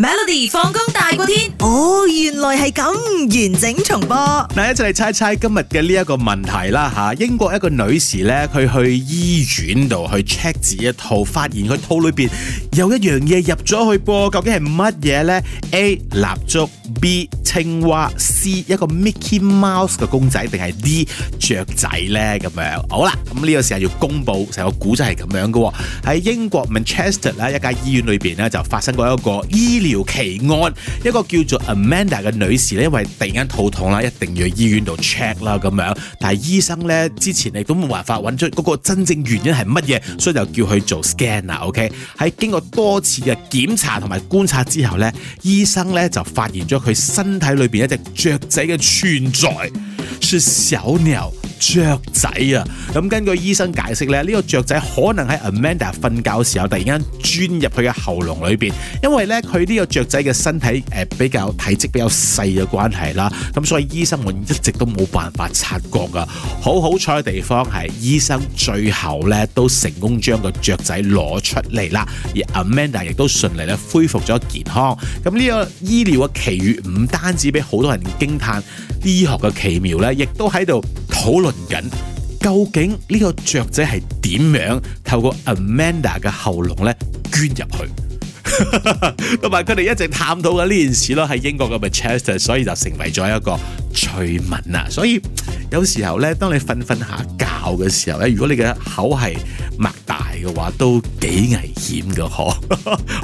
Melody 放工大過天，哦，原來係咁，完整重播。嗱，一齊嚟猜猜今日嘅呢一個問題啦吓、啊。英國一個女士呢，佢去醫院度去 check 自己嘅肚，發現佢肚裏邊有一樣嘢入咗去噃，究竟係乜嘢呢？A 蠟燭，B 青蛙，C 一個 Mickey Mouse 嘅公仔，定係 D 雀仔呢？咁樣好啦，咁呢個時候要公佈成個古仔係咁樣嘅喎、哦。喺英國 Manchester 咧一間醫院裏邊呢，就發生過一個醫療。奇案，一個叫做 Amanda 嘅女士呢，因為突然間肚痛啦，一定要去醫院度 check 啦咁樣。但係醫生呢之前亦都冇辦法揾出嗰個真正原因係乜嘢，所以就叫佢做 scan 啦。OK，喺經過多次嘅檢查同埋觀察之後呢，醫生呢就發現咗佢身體裏邊一隻雀仔嘅存在。說小鳥雀仔啊！咁根據醫生解釋咧，呢個雀仔可能喺 Amanda 瞓覺嘅時候，突然間鑽入佢嘅喉嚨裏邊，因為咧佢呢個雀仔嘅身體誒比較體積比較細嘅關係啦，咁所以醫生們一直都冇辦法察覺噶。好好彩嘅地方係醫生最後咧都成功將個雀仔攞出嚟啦，而 Amanda 亦都順利咧恢復咗健康。咁呢個醫療嘅奇遇唔單止俾好多人驚嘆。醫學嘅奇妙咧，亦都喺度討論緊究竟呢個雀仔係點樣透過 Amanda 嘅喉嚨咧捐入去，同埋佢哋一直探討緊呢件事咯，係英國嘅 Manchester 所以就成為咗一個趣聞啊，所以有時候咧，當你瞓瞓下考嘅時候咧，如果你嘅口係擘大嘅話，都幾危險㗎嗬。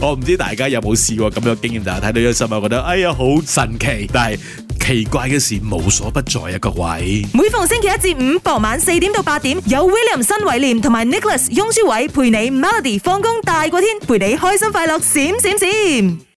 我唔知大家有冇試過咁樣經驗？但係睇到一心，我覺得哎呀好神奇。但係奇怪嘅事無所不在啊，各位。每逢星期一至五傍晚四點到八點，有 William 新偉廉同埋 Nicholas 雍舒偉陪你 Melody 放工大過天，陪你開心快樂閃閃閃，閃閃閃。